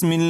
بسم الله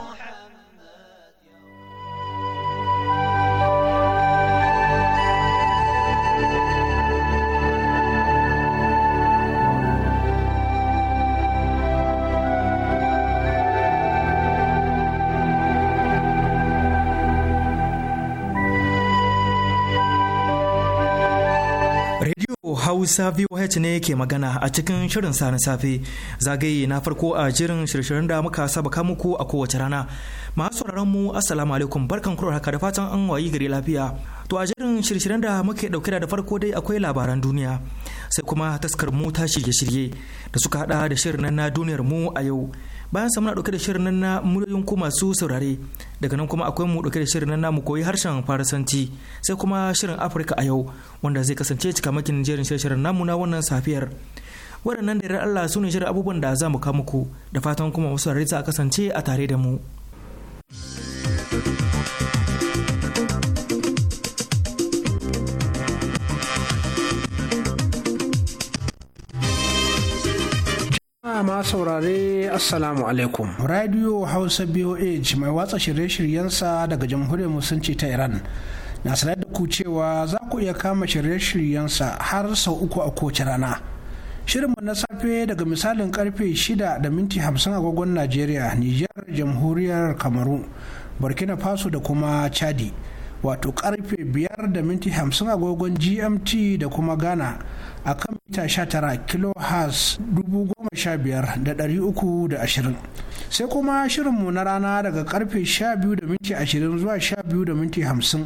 Hausa VOH ne ke magana a cikin shirin sa na safe zagaye na farko a jirin shirshirin da muka saba ka muku a kowace rana. Masu sauraron mu assalamu alaikum barkan kuro haka da fatan an wayi gari lafiya. To a jirin shirin da muke dauke da farko dai akwai labaran duniya sai kuma taskar mu ta shirye-shirye da suka hada da shirin na duniyar mu a yau. bayan sa muna dauke da shirin nan na muryoyin ku masu saurare daga nan kuma akwai mu dauke da shirin nan mu koyi harshen farasanci sai kuma shirin Afirka a yau wanda zai kasance cikamakin jerin shirin namu na wannan safiyar waɗannan da Allah su ne shirin abubuwan da za mu kawo da fatan kuma wasu za a kasance a tare da mu. jama'a ma saurare assalamu alaikum radio hausa boh mai watsa shirye-shiryensa daga jamhuriyar musulunci ta iran na sanar da ku cewa za ku iya kama shirye-shiryensa har sau uku a kowace rana shirinmu na safe daga misalin karfe 6 da minti 50 agogon najeriya nijar jamhuriyar kamaru burkina faso da kuma chadi wato karfe 5 da minti 50 agogon gmt da kuma ghana a kan mita 19 kilohertz 320 sai kuma shirinmu na rana daga karfe 12 da minti 20 zuwa 12 da minti 50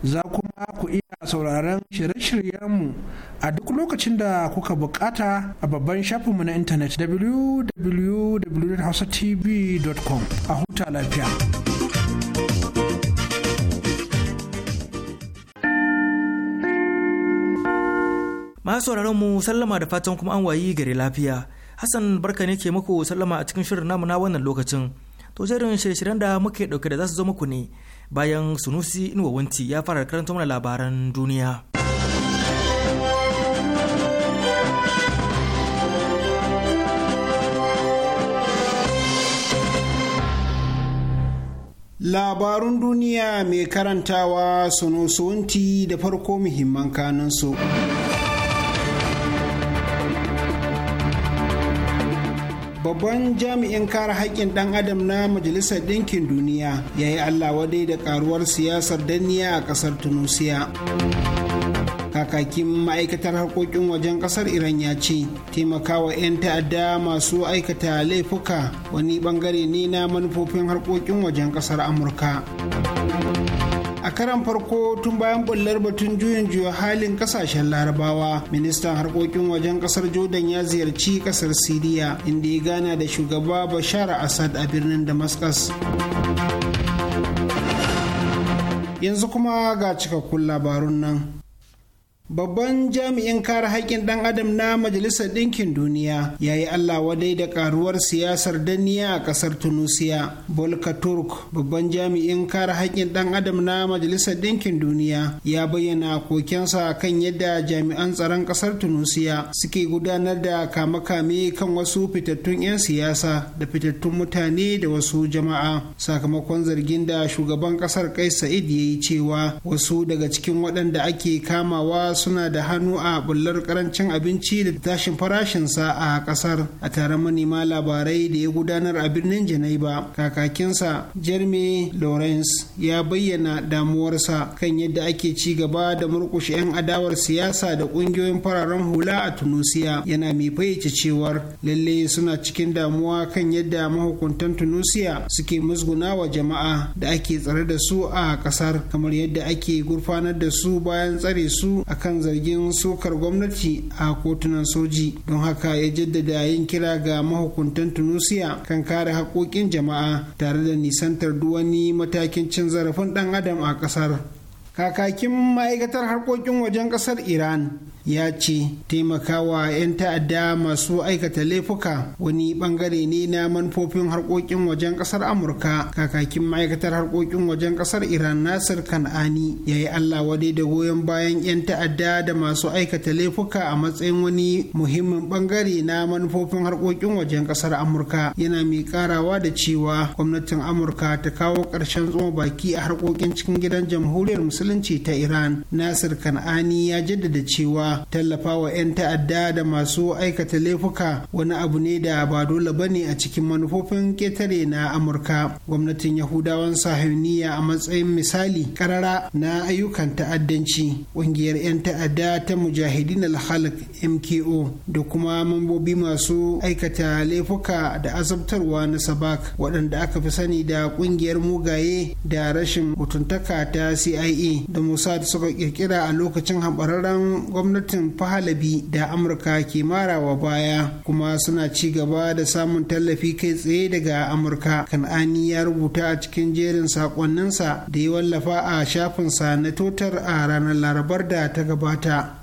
za kuma ku iya sauraron shirye-shiryenmu a duk lokacin da kuka bukata a babban shafinmu na intanet www.hausatv.com a huta lafiya. Masu mu sallama da fatan kuma an wayi gare lafiya. Hassan barka ne ke muku sallama a cikin shirin namu na wannan lokacin. To jerin shirye-shiryen da muke dauke da za su zo muku ne bayan sunusi inuwawanti ya fara karanta mana labaran duniya labarun duniya mai karantawa sunusunti da farko muhimman kanunsu babban jami'in kare haƙƙin ɗan adam na majalisar ɗinkin duniya ya yi allah wadai da karuwar siyasar danniya a ƙasar tunusiya kakakin ma'aikatar harkokin wajen ƙasar iran ya ce taimakawa 'yan ta'adda masu aikata laifuka wani bangare ne na manufofin harkokin wajen ƙasar amurka a karan farko tun bayan bullar batun juyin juya halin kasashen larabawa ministan harkokin wajen kasar jordan ya ziyarci kasar siriya inda ya gana da shugaba bashar assad a birnin damascus yanzu kuma ga cikakkun labarun nan Babban jami'in kare haƙƙin ɗan adam na Majalisar Ɗinkin Duniya ya yi Allah wadai da ƙaruwar siyasar danniya a ƙasar Tunusiya. Bolka Turk, babban jami'in kare haƙƙin ɗan adam na Majalisar Ɗinkin Duniya ya bayyana kokensa kan yadda jami'an tsaron ƙasar Tunusiya suke gudanar da kame-kame kan wasu fitattun 'yan siyasa da fitattun mutane da wasu jama'a sakamakon zargin da shugaban ƙasar kai Sa'id ya yi cewa wasu daga cikin waɗanda ake kamawa suna da hannu a bullar karancin abinci da tashin farashinsa a kasar a taron manema labarai da ya gudanar a birnin janaiba kakakinsa jeremy lawrence ya bayyana damuwarsa kan yadda ake ci gaba da murkushe 'yan adawar siyasa da kungiyoyin fararen hula a tunusiya yana mai fayyace cewar lalle suna cikin damuwa kan yadda mahukuntan tunusiya suke musguna wa jama'a da ake tsare da su a kasar kamar yadda ake gurfanar da su bayan tsare su a kan zargin sokar gwamnati a kotunan soji don haka ya jaddada yin kira ga mahukuntan tunusiya kan kare haƙoƙin jama'a tare da nisantar duwani matakin cin zarafin ɗan adam a ƙasar kakakin ma'aikatar harkokin wajen kasar iran ya ce taimakawa 'yan ta'adda masu aikata laifuka wani bangare ne na manufofin harkokin wajen kasar amurka kakakin ma'aikatar harkokin wajen kasar iran nasir kan'ani ya yi allah wade da goyon bayan 'yan ta'adda da masu aikata laifuka a matsayin wani muhimmin bangare na manufofin harkokin wajen kasar amurka yana mai karawa da cewa gwamnatin amurka ta kawo ƙarshen tsoma baki a harkokin cikin gidan jamhuriyar musulunci ta iran nasir kan'ani ya jaddada cewa tallafawa 'yan ta'adda da masu aikata laifuka wani abu ne da ba dole ba a cikin manufofin ƙetare na amurka gwamnatin yahudawan sahiniya a matsayin misali karara na ayyukan ta'addanci ƙungiyar 'yan ta'adda ta mujahidin alhalak mko da kuma mambobi masu aikata laifuka da azabtarwa na sabak waɗanda aka fi sani da ƙungiyar mugaye da rashin mutuntaka ta cia Musa da suka kirkira a lokacin haɓararren gwamnatin fahalabi da amurka ke marawa baya kuma suna ci gaba da samun tallafi kai tsaye daga amurka kan'ani ya rubuta a cikin jerin saƙonninsa da ya wallafa a shafinsa na totar a ranar larabar da ta gabata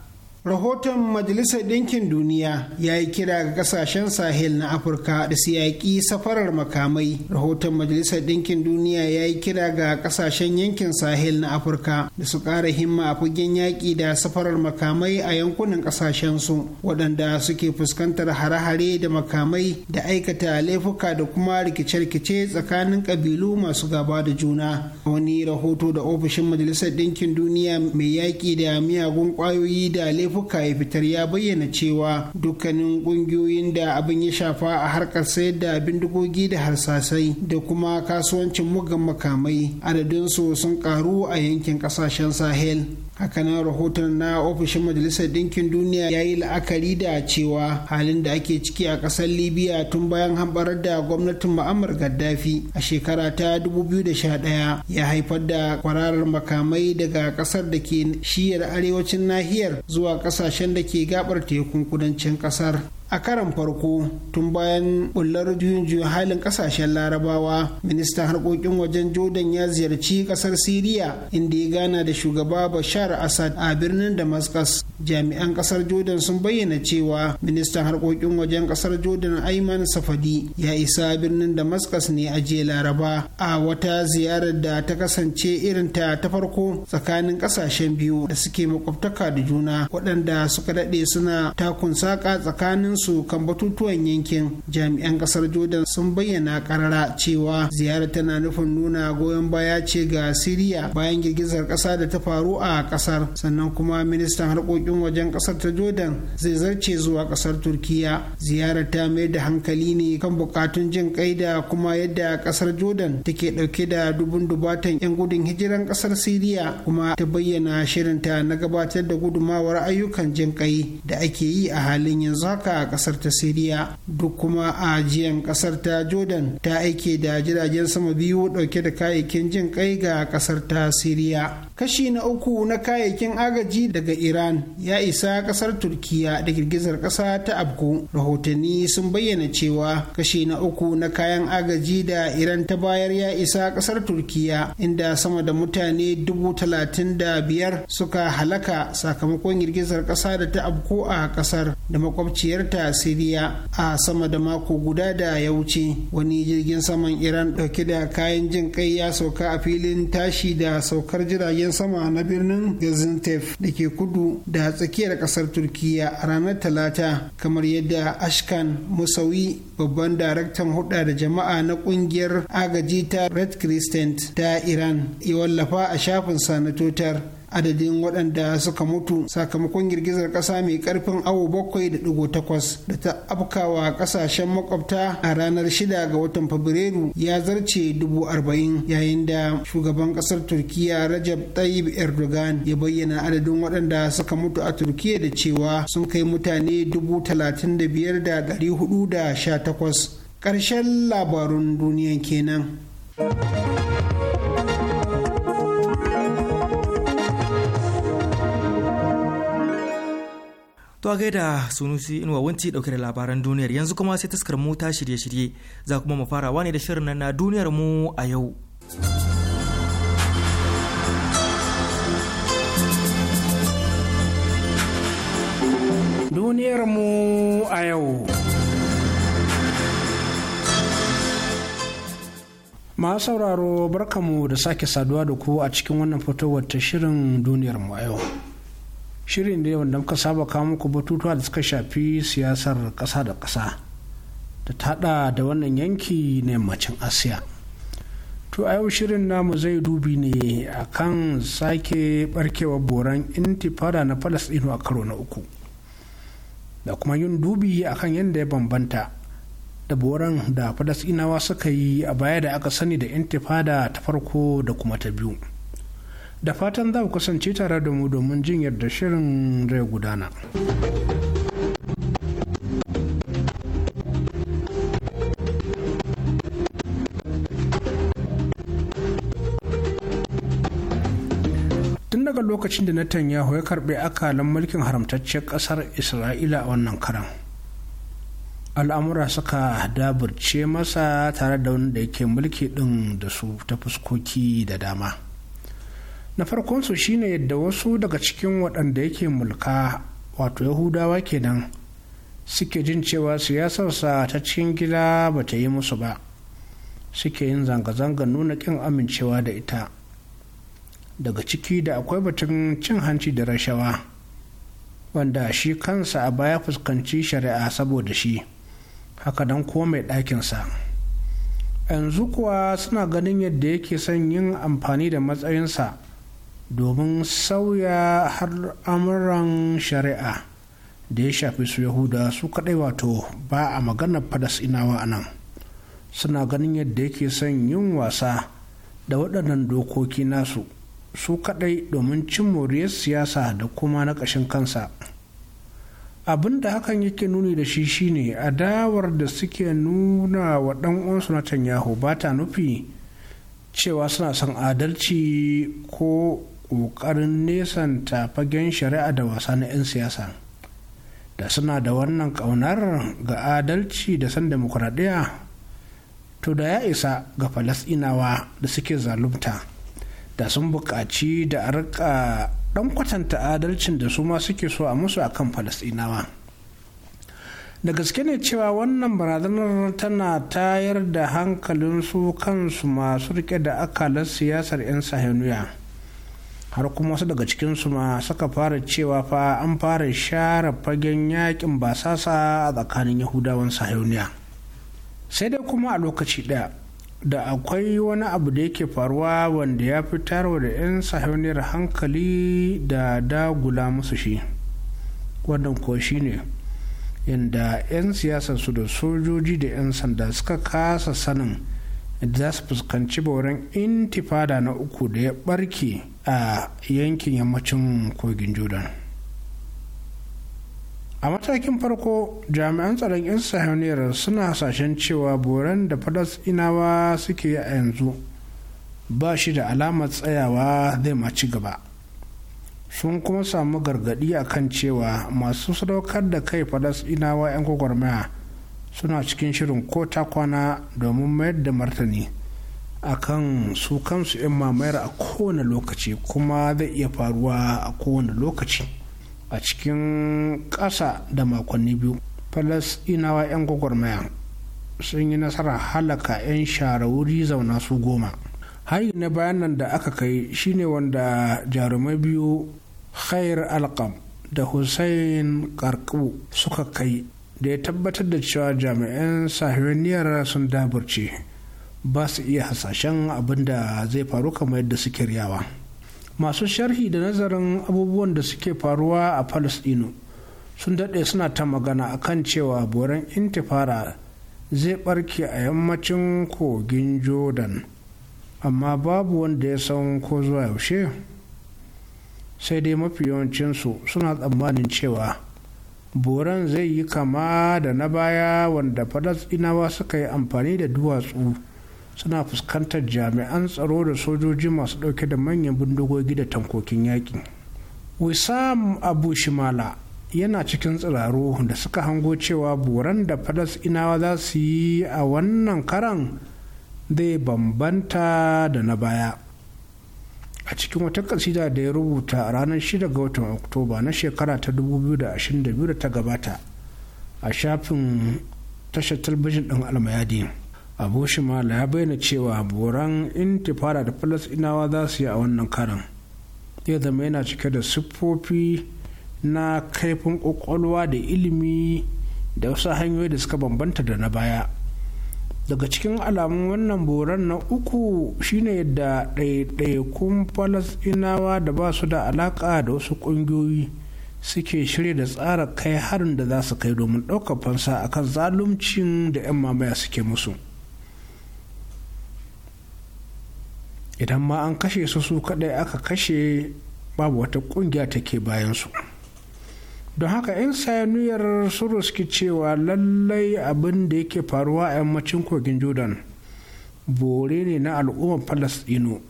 rahoton majalisar ɗinkin duniya ya yi kira ga kasashen sahel na afirka da su yaƙi safarar makamai rahoton majalisar ɗinkin duniya ya yi kira ga kasashen yankin sahel na afirka da su ƙara himma a fagen yaƙi da safarar makamai a yankunan ƙasashensu waɗanda suke fuskantar hare-hare da makamai da aikata laifuka da kuma rikice-rikice tsakanin ƙabilu masu gaba da juna wani rahoto da ofishin majalisar ɗinkin duniya mai yaƙi da miyagun ƙwayoyi da laifuka laifuka ya fitar ya bayyana cewa dukkanin ƙungiyoyin da abin ya shafa a harkar sayar da bindigogi da harsasai da kuma kasuwancin mugan makamai adadinsu sun karu a yankin kasashen sahel hakanan rahoton na ofishin majalisar ɗinkin duniya ya yi la'akari da cewa halin da ake ciki a ƙasar libya tun bayan hambarar da gwamnatin ma'amar gaddafi a shekara ta 2011 ya haifar da kwararar makamai daga ƙasar da ke shiyar arewacin nahiyar zuwa ƙasashen da ke gabar tekun kudancin ƙasar a karan farko tun bayan bullar juyin halin kasashen larabawa ministan harkokin wajen jordan ya ziyarci kasar siriya inda ya gana da shugaba bashar assad a birnin damascus jami'an kasar jordan sun bayyana cewa ministan harkokin wajen kasar jordan ayman safadi ya isa birnin damascus ne a jiya laraba a wata ziyarar da ta kasance irin ta ta farko tsakanin kasashen biyu da suke makwabtaka da juna waɗanda suka daɗe suna takun saƙa tsakanin su kan batutuwan yankin jami'an kasar jordan sun bayyana karara cewa ziyarar tana nufin nuna goyon baya ce ga siriya bayan girgizar kasa da ta faru a kasar sannan kuma ministan harkokin wajen kasar ta jordan zai zarce zuwa kasar turkiya ziyarar ta mai da hankali ne kan bukatun jin kai da kuma yadda kasar jordan take dauke da dubun dubatan yan gudun hijiran kasar siriya kuma ta bayyana shirinta na gabatar da gudumawar ayyukan jin kai da ake yi a halin yanzu haka kasar ta siriya duk kuma a jiyan kasar ta jordan ta aike da jiragen sama biyu dauke da kayayyakin jin kai ga kasar ta siriya kashi na uku na kayayyakin agaji daga iran ya isa kasar turkiya da girgizar kasa ta abku rahotanni sun bayyana cewa kashi na uku na kayan agaji da iran ta bayar ya isa kasar turkiya inda sama da mutane dubu talatin da biyar suka halaka sakamakon girgizar kasa da ta abku a kasar da makwabciyar ta siriya a sama da mako guda da ya wuce wani jirgin saman iran dauke da kayan jin kai ya sauka a filin tashi da saukar jiragen sama na birnin gaziantep da ke kudu da tsakiyar kasar turkiya a ranar talata kamar yadda ashkan musawi babban daraktan hudda da jama'a na kungiyar agaji ta red crescent ta iran ya wallafa a shafinsa na totar adadin waɗanda suka mutu sakamakon girgizar ƙasa mai ƙarfin awo bakwai da ɗigo takwas da ta afkawa ƙasashen makwabta a ranar shida ga watan fabrairu ya zarce dubu arba'in yayin da shugaban ƙasar turkiya rajab tayyib erdogan ya bayyana adadin waɗanda suka mutu a turkiya da cewa sun kai mutane dubu talatin da biyar da ɗari hudu da sha takwas ƙarshen labarun duniya kenan. To a gaida sunusi inuwa wanci dauke da labaran duniyar yanzu kuma sai taskar mu ta shirye-shirye za kuma mu farawa ne da shirin nan na duniyar mu a yau. Duniyar mu a yau. Masu sauraro barkamu da sake saduwa da ku a cikin wannan fitowar ta shirin duniyar mu a yau. shirin da wanda muka saba kawo muku batutuwa da suka shafi siyasar ƙasa da ƙasa da taɗa da wannan yanki na yammacin asiya to a yau shirin namu zai dubi ne akan sake ɓarkewar boran intifada na falasɗinu a karo na uku da kuma yin dubi a kan yadda ya bambanta da boran da falasɗinawa suka yi a baya da aka sani da intifada ta farko da kuma ta biyu da fatan za ku kasance tare da mu domin jin yadda shirin zai gudana. tun daga lokacin da Netanyahu ya karɓi akalan mulkin haramtacciyar ƙasar Isra'ila a wannan karan. al'amura suka daburce masa tare da wanda yake mulki ɗin da su ta fuskoki da dama. na farkonsu shine yadda wasu daga cikin waɗanda yake mulka wato yahudawa kenan suke jin cewa siyasarsa ta cikin gida ba ta yi musu ba suke yin zanga-zanga nuna ƙin amincewa da ita daga ciki da akwai batun cin hanci da rashawa wanda shi kansa a baya fuskanci shari'a saboda shi haka don ko mai ɗakinsa yanzu kuwa suna ganin yadda yake son yin amfani da matsayinsa domin sauya har amuran shari'a da ya shafi su yahuda su kadai wato ba a maganar inawa a nan suna ganin yadda yake son yin wasa da waɗannan dokoki nasu su kadai domin cin moriyar siyasa da kuma na ƙashin kansa abin da hakan yake nuni da shi shine adawar da suke nuna wa ɗan uwansu na tanyahu ba ta nufi cewa suna son adalci ko ƙoƙarin nesanta fagen shari'a da wasa na 'yan siyasa da suna da wannan ƙaunar ga adalci da san demokuraɗiyya to da ya isa ga falasɗinawa da suke zalunta da sun buƙaci da a rika ɗan kwatanta adalcin da su ma suke so a musu akan falasɗinawa da gaske ne cewa wannan barazanar tana tayar da hankalin su kansu masu rike da akalar siyasar 'yan sahenuya. har kuma wasu daga cikinsu ma suka fara cewa fa an fara share fagen yakin basasa a tsakanin yahudawan sahiyoniya sai dai kuma a lokaci daya da akwai wani abu da yake faruwa wanda ya fi tarwa da 'yan sahiyoniyar hankali da dagula musu shi wannan shi ne inda 'yan su da sojoji da 'yan sanda suka kasa sanin za su fuskanci boran intifada na uku da ya barke a yankin yammacin kogin jordan a matakin farko jami'an tsaron 'yan sahaniyar suna hasashen cewa boran da inawa suke a yanzu ba shi da alamar tsayawa zai maci gaba sun kuma samu gargadi a kan cewa masu sadaukar da kai inawa 'yan gwagwarmaya suna cikin shirin ko ta kwana domin mayar da martani a kan su kansu 'yan mamayar a kowane lokaci kuma zai iya faruwa a kowane lokaci a cikin ƙasa da makonni biyu falasinawa 'yan gwagwarmaya sun yi nasara halaka 'yan shara wuri zauna su goma hari na bayanan da aka kai shine wanda jarumai biyu khair alkam da hussein karku suka kai da ya tabbatar da cewa jami'an sahiyoniyar sun daburce ba su iya hasashen abin da zai faru kamar yadda suke riyawa masu sharhi da nazarin abubuwan da suke faruwa a palestino sun daɗe suna ta magana akan cewa boran intifara zai ɓarke a yammacin kogin jordan amma babu wanda ya san ko zuwa yaushe sai dai mafi yawancinsu suna tsammanin cewa boran zai yi kama da na baya wanda inawa suka yi amfani da duwatsu suna fuskantar jami'an tsaro da sojoji masu ɗauke da manyan bindigogi da tankokin yaƙi wisam abu shimala yana cikin tsiraro da suka hango cewa boran da falasɗinawa za su yi a wannan karan zai bambanta da na baya a cikin wata kasida da ya rubuta ranar 6 ga watan oktoba na shekara ta 2022 da ta gabata a shafin tashar talbijin ɗin almayadi abu shimala ya bayyana cewa boran intifada da inawa za su yi a wannan karin. ya zama yana cike da siffofi na kaifin ƙwaƙwalwa da ilimi da wasu hanyoyi da suka bambanta da na baya daga cikin alamun wannan boran na uku shine yadda ɗaiɗaikun falasɗinawa da ba su da alaƙa da wasu ƙungiyoyi suke shirya da tsara kai harin da za su kai domin ɗaukar fansa akan zaluncin da 'yan mamaya suke musu idan ma an kashe su su kaɗai aka kashe babu wata ƙungiya take bayansu. bayan su don haka 'yan sayaniyar su ruski cewa lallai abin da yake faruwa a yammacin kogin jordan bore ne na al'ummar falasdino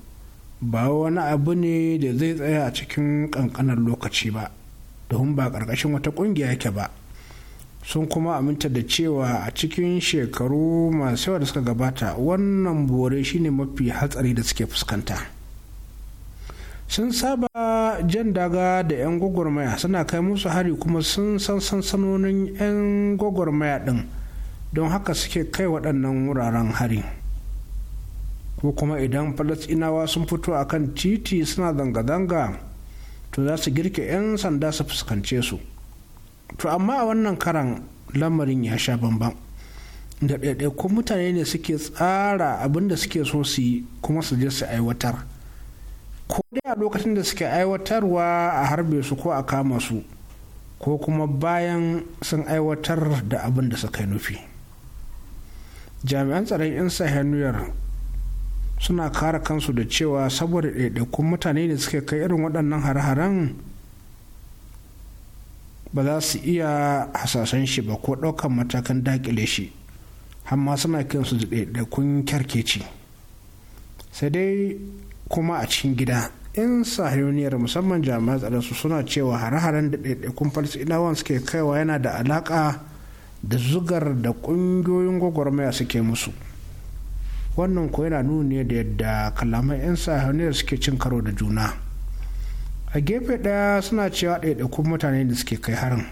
ba wani abu ne da zai tsaya a cikin kankanar lokaci ba domin ba ƙarƙashin wata ƙungiya yake ba sun kuma aminta da cewa a cikin shekaru masu yawa da suka gabata wannan bore shine mafi hatsari da suke fuskanta. sun saba jan daga da 'yan gwagwarmaya suna kai musu hari kuma sun san sansanonin 'yan gwagwarmaya din don haka suke kai waɗannan wuraren hari ko kuma idan falasinawa sun fito a kan titi suna zanga-zanga to za su girke 'yan sanda su fuskance su to amma a wannan karan lamarin ya sha bambam da ɗaiɗaikun mutane ne suke tsara abin da suke so su yi kuma su je su aiwatar. ko dai a lokacin da suke aiwatarwa a harbe su ko a kama su ko kuma bayan sun aiwatar da abin da suka nufi jami'an tsaron 'yan sahaniyar suna kara kansu da cewa saboda ɗaiɗaikun mutane da suke kai irin waɗannan har-haren ba za su iya hasashen shi ba ko ɗaukan matakan daƙile shi amma suna kinsu da ɗaiɗaikun kyarkeci sai dai kuma a cikin gida in sahiyoniyar musamman jami'an tsaron su suna cewa hare-haren da ɗaiɗaikun falasɗinawan suke kaiwa yana da alaƙa da zugar da ƙungiyoyin gwagwarmaya suke musu wannan ko yana nuni da yadda kalaman 'yan sahiyoniyar suke cin karo da juna a gefe ɗaya suna cewa ɗaiɗaikun mutane da suke kai harin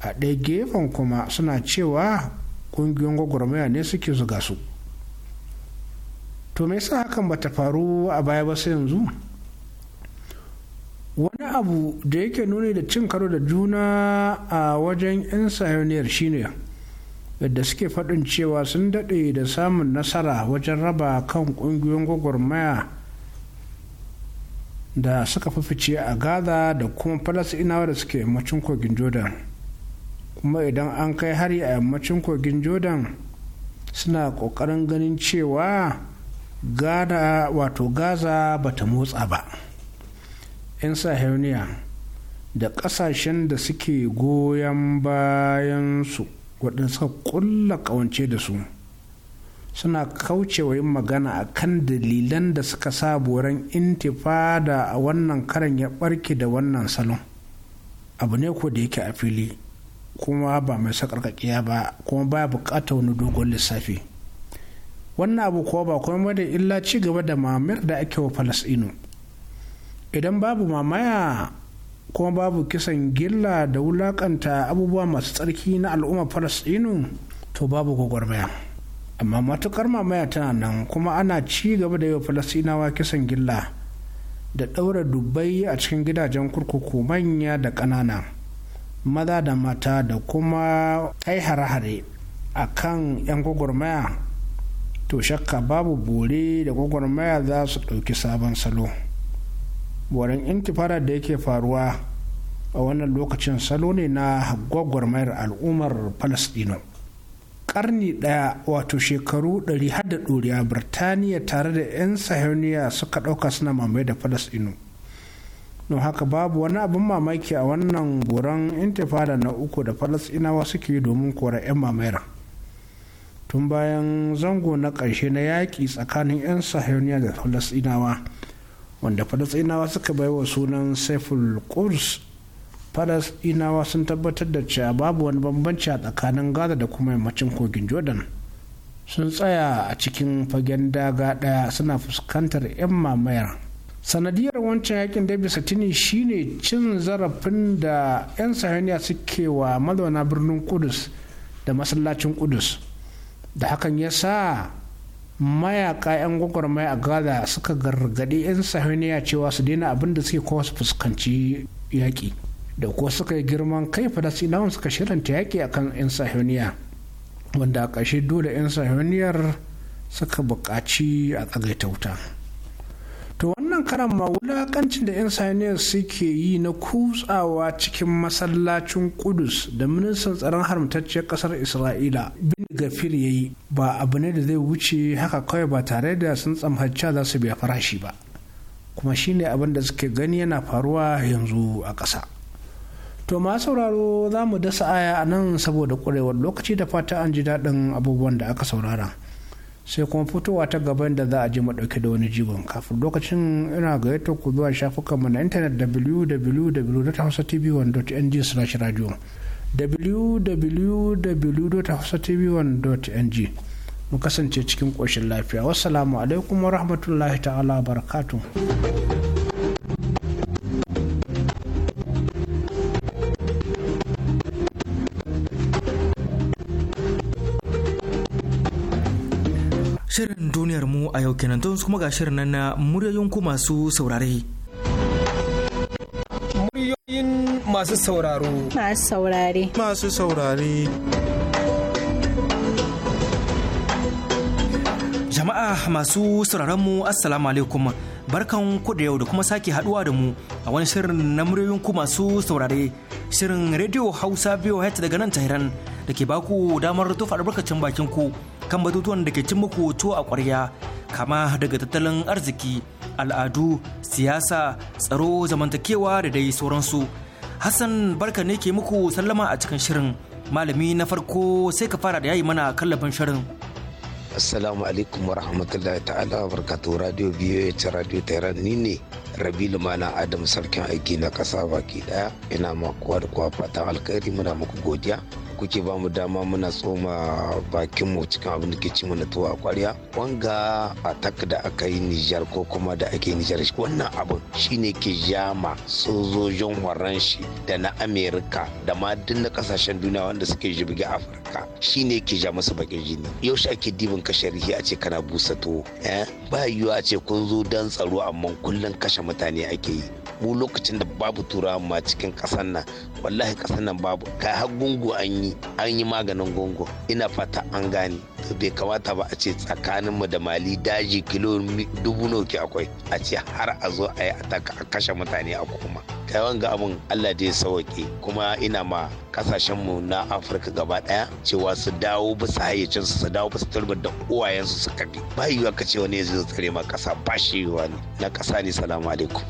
a ɗaya gefen kuma suna cewa ƙungiyoyin gwagwarmaya ne suke zuga su to me yasa hakan bata faru a baya ba sai yanzu wani abu da yake nuni da cin karo da juna a wajen 'yan sayoniyar shine yadda suke faɗin cewa sun daɗe da samun nasara wajen raba kan ƙungiyoyin gwagwarmaya da suka fifice a gaza da kuma falasinawa da suke yammacin kogin jordan kuma idan an kai hari a yammacin kogin jordan suna ƙoƙarin ganin cewa gada wato gaza ba ta motsa ba 'yan sahiyoniya da kasashen da suke goyon bayan su waɗansu suka kulla kawance da su suna kaucewa yin magana a kan dalilan da suka sa boran intifada a wannan karan ya ɓarke da wannan salon abu ne ko da yake a fili kuma ba mai sakarkakiya ba kuma ba buƙatar wani dogon lissafi wannan abu kuwa ba kuma da illa ci gaba da mamayar da ake wa falasɗinu idan babu mamaya kuma babu kisan gilla da wulakanta abubuwa masu tsarki na al'ummar falasɗinu to babu gwagwarmaya amma matukar mamaya tana nan kuma ana ci gaba da yi wa falasɗinawa kisan gilla da ɗaura dubbai a cikin gidajen kurkuku manya da ƙanana maza da mata da kuma kai hare-hare a kan 'yan gwagwarmaya to shakka babu bore da gwagwarmaya za su ɗauki sabon salo boren intifada da yake faruwa a wannan lokacin salo ne na gwagwarmayar al'ummar palestino ƙarni ɗaya wato shekaru ɗari har da ɗoriya birtaniya tare da 'yan sahiyoniya suka ɗauka suna mamaye da palestino don haka babu wani abin mamaki a wannan goron intifada na uku da Falasɗinawa suke domin kora 'yan mamayar tun bayan zango na ƙarshe na yaƙi tsakanin 'yan sahiyoniya da falasinawa wanda falasɗinawa suka bai wa sunan saiful kurs falasɗinawa sun tabbatar da cewa babu wani bambanci a tsakanin gaza da kuma yammacin kogin jordan sun tsaya a cikin fagen daga ɗaya suna fuskantar 'yan mamayar sanadiyar wancan yakin da bisa tuni shine cin zarafin da 'yan sahiyoniya suke wa mazauna birnin kudus da masallacin kudus da hakan ya sa mayaka 'yan gwagwarmai a gaza suka gargaɗi 'yan sahiniya cewa su daina abin da suke kowa su fuskanci yaƙi da kuwa suka yi girman kai falasinawan suka shiranta yaƙi a kan 'yan sahiniya wanda a ƙashe dole 'yan sahiniyar suka buƙaci a tsagaita wuta. karan ma wulakancin da 'yan saniyar suke yi na kutsawa cikin masallacin kudus da ministan tsaron haramtacciyar kasar isra'ila bin gafir ya yi ba abu ne da zai wuce haka kawai ba tare da sun tsamhacca za su biya farashi ba kuma shine abin da suke gani yana faruwa yanzu a ƙasa to ma sauraro za mu dasa aya a nan saboda kwarewar lokaci da fata an ji daɗin abubuwan da aka saurara sai kuma fitowa ta gaban da za a je mu dauke da wani jigon kafin lokacin ina gayyata ku zuwa shafukan na intanet www.hausatv1.ng/radio www.hausatv1.ng mu kasance cikin ƙoshin lafiya wasu alaikum wa rahmatullahi ta'ala barakatun Shirin duniyar mu a yau kenan don kuma ga shirin nan na muryoyin ku masu saurare. Muryoyin masu sauraro. Masu saurare. Masu saurare. Jama'a masu sauraron mu Assalamu alaikum. Barkan ku da yau da kuma sake haduwa da mu a wani shirin na muryoyin ku masu saurare. Shirin Radio Hausa biyu daga nan Tehran da ke baku damar tufa albarkacin bakin ku kan batutuwan da ke cin muku hoto a ƙwarya kama daga tattalin arziki al'adu siyasa tsaro zamantakewa da dai sauransu hassan barka ne ke muku sallama a cikin shirin malami na farko sai ka fara da yayi mana kallafin shirin Assalamu alaikum wa rahmatullahi ta'ala wa barkatu radio BOH radio Tehran ni ne Rabi Lumana Adam sarkin aiki na kasa baki daya ina makuwa da kuwa fatan alkhairi muna muku godiya kuke ba mu dama muna tsoma bakin mu cikin abin da ke ci mana tuwo a kwarya wanga attack da aka yi Nijar ko kuma da ake Nijar wannan abin shine ke jama sojojin horon shi da na Amerika da ma duk na kasashen duniya wanda suke jibge Afirka shine ke jama masa bakin jini yaushe ake dibin kashe rihi a ce kana busa tuwo eh ba yiwuwa a ce kun zo dan tsaro amma kullun kashe mutane ake yi mu lokacin da babu turawa ma cikin ƙasar nan wallahi ƙasar nan babu kai har gungu an yi an yi maganin gongo ina fata an gane to bai kamata ba a ce tsakaninmu da mali daji kilo dubu noki akwai a ce har a zo a yi a kashe mutane a kuma ta ga abin allah da ya sauke kuma ina ma kasashenmu na afirka gaba daya cewa su dawo bisa hayyacin su dawo bisa turbar da su suka bi ba yiwuwa ka ce wani zai tsare ma kasa ba shi yiwuwa ne na kasa ne salamu alaikum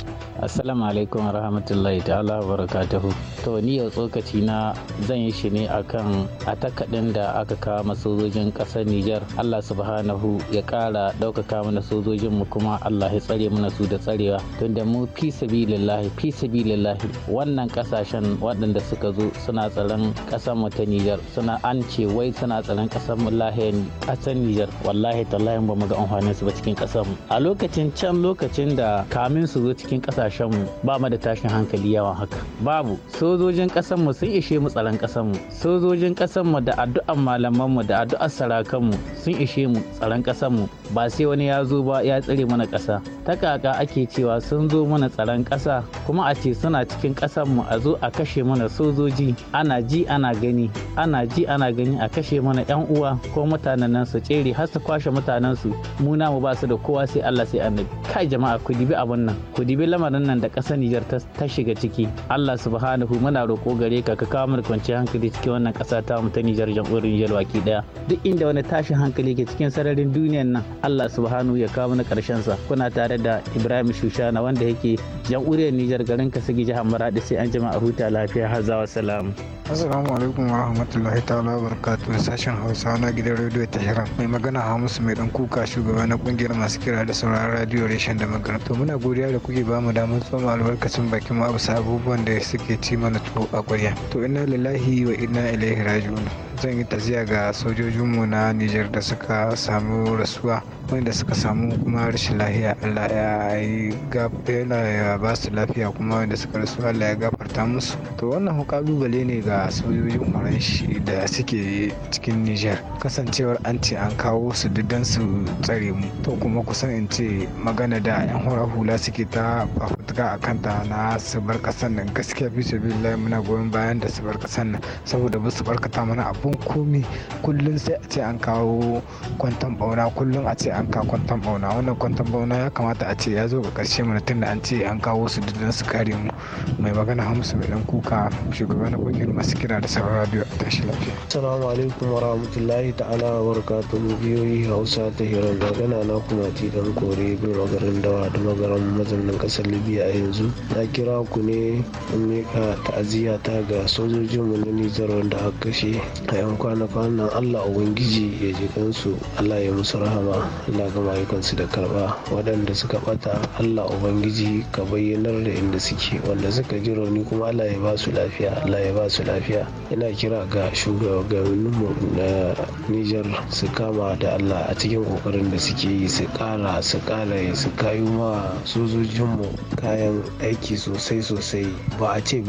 assalamu alaikum rahmatullahi ta'ala barakatuhu to ni yau tsokaci na zan yi shi ne a. akan atakaɗin da aka kawo sojojin ƙasar Nijar. Allah subhanahu ya ƙara ɗaukaka mana sojojin mu kuma Allah ya tsare mana su da tsarewa. Tunda mu fi sabilillahi fi sabilillahi wannan ƙasashen waɗanda suka zo suna tsaron ƙasar mu ta Nijar suna an ce wai suna tsaron ƙasar mu lahiyar ƙasar Nijar wallahi tallahi ba mu ga amfanin su ba cikin ƙasar mu. A lokacin can lokacin da kamin su zo cikin ƙasashen mu ba mu da tashin hankali yawan haka. Babu sojojin ƙasar mu sun ishe mu tsaron ƙasar mu. sojojin mu da addu'an malamanmu da addu'ar sarakanmu sun ishe mu tsaron mu ba sai wani ya zo ba ya tsare mana ƙasa ta kaka ake cewa sun zo mana tsaron ƙasa kuma a ce suna cikin mu a zo a kashe mana sojoji ana ji ana gani ana ji ana gani a kashe mana yan uwa ko mutanen nan su tsere har su kwashe mutanen su mu mu ba su da kowa sai Allah sai annabi kai jama'a ku dibi abin nan ku dibi lamarin nan da ƙasar Nijar ta shiga ciki Allah subhanahu muna roƙo gare ka ka kawo mu kwanciyar hankali cikin wannan ƙasa ta mu ta Nijar jamhuriyar Nijar baki daya duk inda wani tashin hankali ke cikin sararin duniyar nan Allah subhanahu ya kawo na karshen sa kuna tare da Ibrahim Shushana wanda yake jamhuriyar Nijar garin Kasigi jihar Maradi sai an jima a huta lafiya har zawa salam Assalamu alaikum wa rahmatullahi ta'ala barakatuh sashen Hausa na gidan rediyo Hiram mai magana Hamisu mai dan kuka shugaba na kungiyar masu kira da sauraron radiyo reshen da magana to muna godiya da kuke ba mu damar tsoma albarkacin bakin mu abu abubuwan da suke ci mana to a gurya to inna lillahi wa inna ilayin raji'un zan yi taziya ga sojojinmu na Nijar da suka samu rasuwa wanda suka samu kuma rashin lafiya Allah ya yi ya ba su lafiya kuma wanda suka rasu Allah ya gafarta musu to wannan kalubale ne ga sojojin faranshi da suke cikin Nijar kasancewar an ce an kawo su didan su tsare mu to kuma kusan in ce magana da yan hura hula suke ta fafutuka a kanta na su bar kasan nan gaskiya bisa billahi muna goyon bayan da su bar kasan nan saboda ba su barkata mana abun komi kullum sai a ce an kawo kwantan bauna kullum a ce an kawo kwantan bauna wannan kwantan bauna ya kamata a ce ya zo ga karshe mana tunda an ce an kawo su duk su kare mu mai magana hamsu mai dan kuka shugaban na kungiyar masu kira da sauran radio a tashi lafiya. Assalamu alaikum wa rahmatullahi ta'ala wa barakatuhu biyoyi Hausa ta hirar magana na kuma dan kore bin magarin dawa da magarin mazaunin kasar Libya a yanzu. Na kira ku ne in ne ta'aziyya ta ga sojojinmu mu na Nijar da aka kashe a yan kwana-kwanan allah ubangiji ya ji kansu allah ya musu rahama allah ga mayukansu da karba waɗanda suka ɓata allah ubangiji ka bayyanar da inda suke wanda suka ji rauni kuma allah ya ba su lafiya allah ya ba su lafiya ina kira ga mu na nijar su kama da allah a cikin kokarin da suke yi su kara su kara su kayu ma sojojinmu kayan aiki sosai sosai ba a ce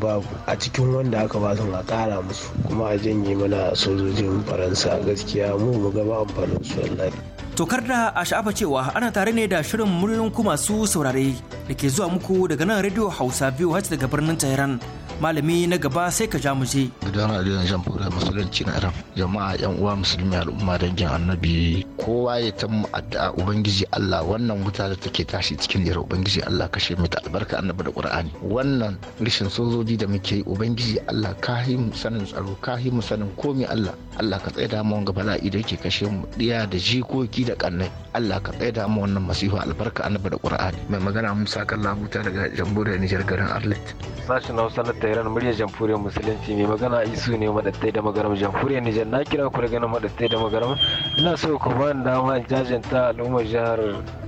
ba a cikin wanda aka ba su a kara kara musu kuma a janye mana sojojin faransa gaskiya mu mu gaba amfanin su wallahi Tokar da a sha'afa cewa ana tare ne da shirin muryoyin ku masu saurare da ke zuwa muku daga nan Radio Hausa biyu hajji daga birnin Tehran. malami na gaba sai ka ja mu je. Gidan Aliyu Jan Fura Musulunci na Iran. Jama'a yan uwa musulmi al'umma dangin annabi kowa ya ta addu'a Ubangiji Allah wannan wuta da take tashi cikin yare Ubangiji Allah kashe mu ta albarka annabi da Qur'ani. Wannan rishin sojoji da muke yi Ubangiji Allah ka yi mu sanin tsaro ka yi mu sanin komai Allah. Allah ka tsaya da mu ga bala'i da yake kashe mu diya da jikoki da kannai Allah ka tsaida mu wannan masifa albarka annabi da Qur'ani mai magana Musa Kalla ta daga jamhuriyar Nijar garin Arlet sashen Hausa na Tehran muryar jamhuriyar musulunci mai magana Isu ne madattai da magaram jamhuriyar Nijar na kira ku daga nan madattai da magaram ina so ku ba ni dama jajanta al'ummar jihar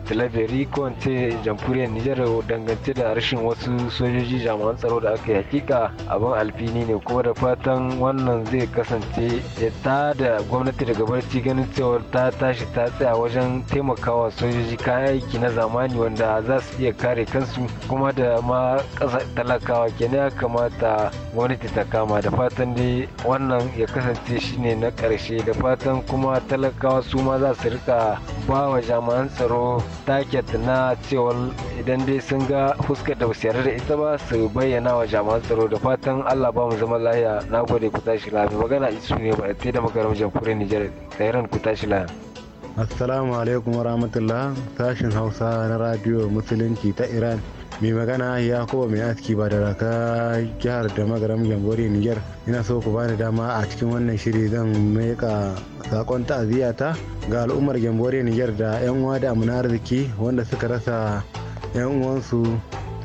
Talabiri ko in ce jamhuriyar Nijar dangance da rashin wasu sojoji jami'an tsaro da aka yi hakika abin alfini ne kuma da fatan wannan zai kasance ya ta da gwamnati daga barci ganin cewar ta tashi ta tsaye bukata wajen taimakawa sojoji kayan aiki na zamani wanda za su iya kare kansu kuma da ma ƙasa talakawa kenan ya kamata gwamnati ta kama da fatan dai wannan ya kasance shine na ƙarshe da fatan kuma talakawa su ma za su rika ba wa jami'an tsaro taket na cewar idan dai sun ga fuskar da basu yarda da ita ba su bayyana wa jami'an tsaro da fatan allah ba mu zama lahiya na gode ku tashi lafiya magana isu ne ba da da makarar jamhuriyar nijar tsayaran ku tashi lafiya assalamu alaikum warahmatullah sashin hausa na radio musulunci ta iran mai magana ya kowa mai aski ba da raka jihar da magaram jamhuriyar niger ina so ku bani dama a cikin wannan shiri zan maika sakon ta'aziyata ga al'ummar gyambori niger da yan uwa da amina arziki wanda suka rasa yan uwansu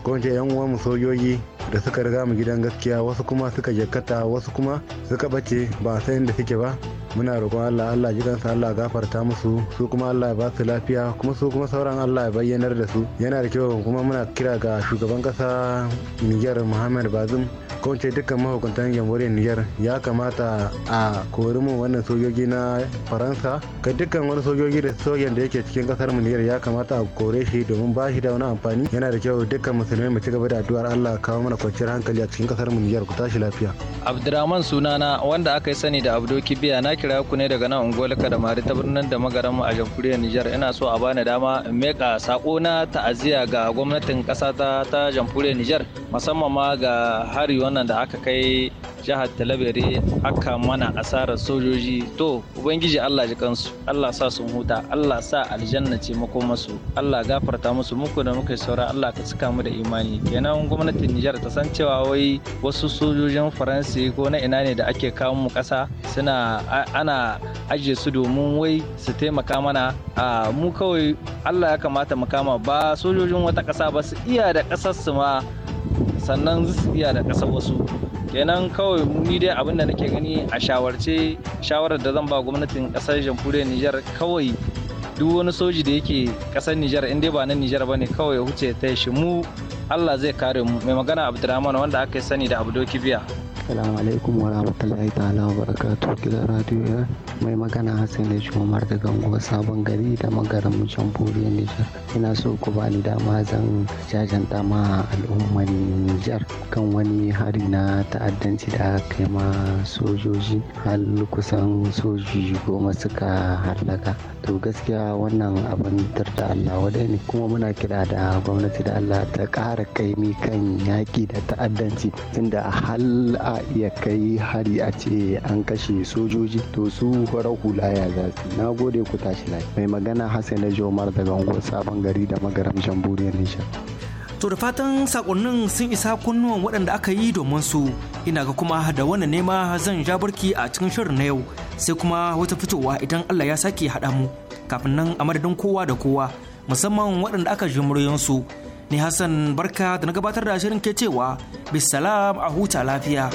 ko ce yan mu sojoji da suka riga mu gidan gaskiya wasu kuma suka jakata wasu kuma suka bace ba san inda suke ba muna roƙon Allah Allah ji kansa Allah gafarta musu su kuma Allah ya ba su lafiya kuma su kuma sauran Allah ya bayyanar da su yana da kyau kuma muna kira ga shugaban kasa Niger Muhammad Bazum ko ce dukkan mahukuntan jamhuriyar Niger ya kamata a kori mu wannan sojoji na Faransa ga dukkan wani sojoji da sojan da yake cikin kasar mu Niger ya kamata a kore shi domin ba shi da wani amfani yana da kyau dukkan mu. musulmai mu ci gaba da addu'ar Allah kawo mana kwanciyar hankali a cikin kasar mu Nijar ku tashi lafiya Abdurrahman sunana wanda aka yi sani da Abdo Kibiya na kira ku ne daga nan Ungola mari ta birnin da magaran mu a jamhuriyar Nijar ina so a bani dama in meka sako na ta'aziyya ga gwamnatin kasa ta ta jamhuriyar Nijar musamman ma ga hari wannan da aka kai jihar Talabere aka mana asarar sojoji to ubangiji Allah ji kansu Allah sa sun huta Allah sa aljanna ce makomasu Allah gafarta musu muku da muka saura Allah ka cika mu da imani imani kenan gwamnatin nijar ta san cewa wai wasu sojojin faransa ko na ina ne da ake kawo mu kasa suna ana ajiye su domin wai su taimaka mana a mu kawai allah ya kamata mu kama ba sojojin wata kasa ba su iya da kasar su ma sannan su iya da kasar wasu kenan kawai ni dai abin da nake gani a shawarce shawarar da zan ba gwamnatin kasar jamhuriyar nijar kawai duk wani soji da yake kasar Nijar in dai ba nan Nijar bane kawai huce ta shi mu Allah zai kare mu mai magana Abdurrahman wanda aka sani da Abdoki Biya Assalamu alaikum wa rahmatullahi ta'ala wa barakatu gidan radio ya mai magana Hassan Lashi Umar daga unguwar Sabon Gari da magaran Jamhuriyar Nijar. Ina so ku bani dama zan jajanta ma al'ummar Nijar kan wani hari na ta'addanci da aka kai ma sojoji har kusan soji goma suka hallaka. To gaskiya wannan abin tarda Allah wadai ne kuma muna kira da gwamnati da Allah ta ƙara kaimi kan yaƙi da ta'addanci tunda hal a iya kai hari a ce an kashe sojoji to su farar hula ya za su na gode ku tashi lafiya mai magana hassan jomar daga unguwar sabon gari da magaram jamhuriyar nisha To da fatan sakonnin sun isa kunnuwan waɗanda aka yi domin su ina ga kuma da wannan nema zan ja barki a cikin shirin na yau sai kuma wata fitowa idan Allah ya sake haɗa mu kafin nan a madadin kowa da kowa musamman waɗanda aka ji muryansu Ni Hassan barka da na gabatar da shirin ke cewa bisalam a huta lafiya.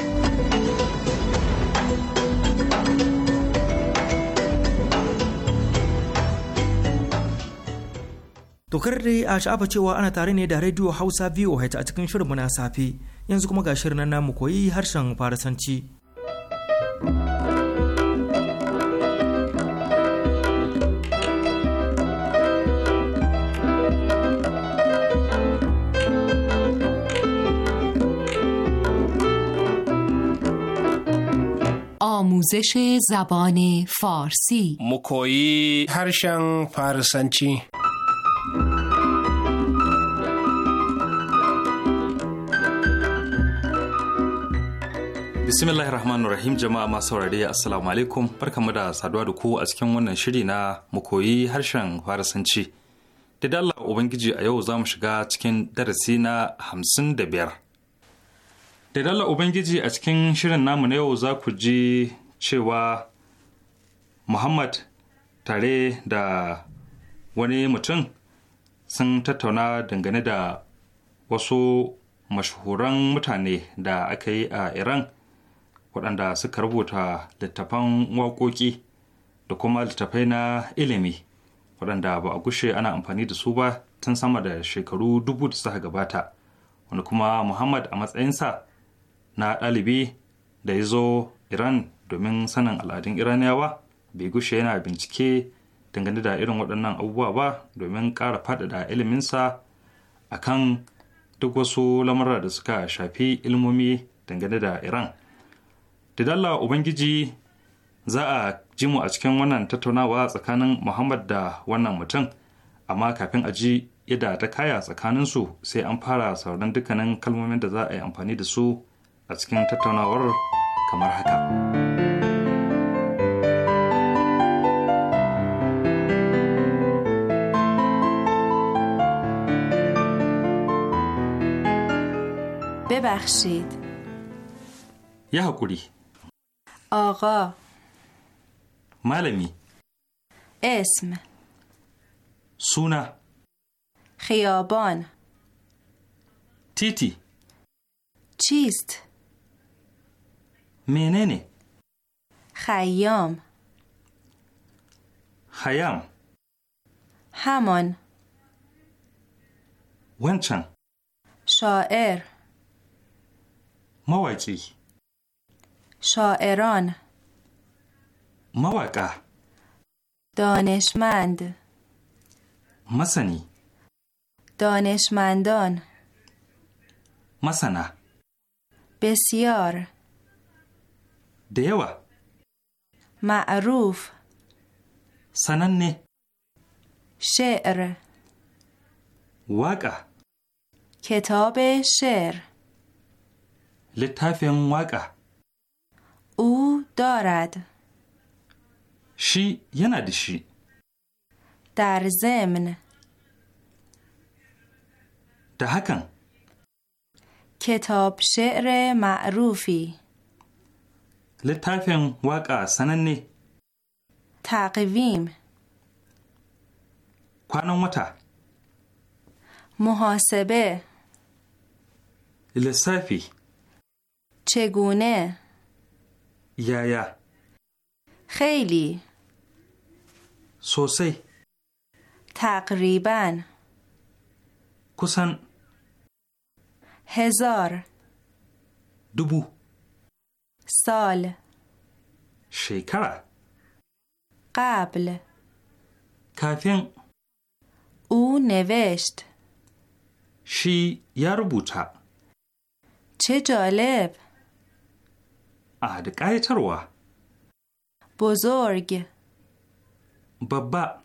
Tokar dai a sha'afa cewa ana tare ne da Radio Hausa VOH a cikin shirin na safe yanzu kuma ga shirin nan namu koyi harshen Farisanci. آموزش زبان فارسی مکویی هرشن فارسنچی bismillahir rahmanir rahim jama'a masu saurare assalamu alaikum barkamu da saduwa da ku a cikin wannan shiri na mu koyi harshen farasanci da dalla ubangiji a yau za mu shiga cikin darasi na hamsin da biyar da dalla ubangiji a cikin shirin namu na yau za ku ji cewa muhammad tare da wani mutum sun tattauna dangane da wasu mashahuran mutane da aka yi a iran waɗanda suka rubuta littafan waƙoƙi da kuma littafai na ilimi waɗanda ba a gushe ana amfani da su ba tun sama da shekaru dubu da suka gabata wani kuma muhammad a matsayinsa na ɗalibi da ya zo iran domin sanin al'adun iraniyawa bai gushe yana bincike dangane da irin waɗannan abubuwa ba domin ƙara faɗaɗa iliminsa a kan duk wasu lamura da suka shafi ilmomi dangane da iran da dalla ubangiji za a ji mu a cikin wannan tattaunawa tsakanin muhammad da wannan mutum amma kafin a ji yadda ta kaya tsakaninsu sai an fara sauran dukkanin kalmomin da za a yi amfani da su a cikin tattaunawar kamar haka. ببخشید یه حکولی آقا معلمی اسم سونا خیابان تیتی چیست مننه خیام خیام همان ونچن شاعر mawaƙi شاعران موقع دانشمند مسنی دانشمندان مسنا بسیار دیوه معروف سننه شعر واقع کتاب شعر littafin waƙa. U Shi yana da shi. Dar zemn. Da hakan. Kitab she're ma'rufi. Littafin waƙa sananne. Taqvim. Kwanan wata. محاسبه لسافی چگونه یا یا خیلی سوسی تقریبا کسن هزار دوبو سال شکر قبل کافین او نوشت شی یا چه جالب A hadu ƙayatarwa Bozowar gi. Babba.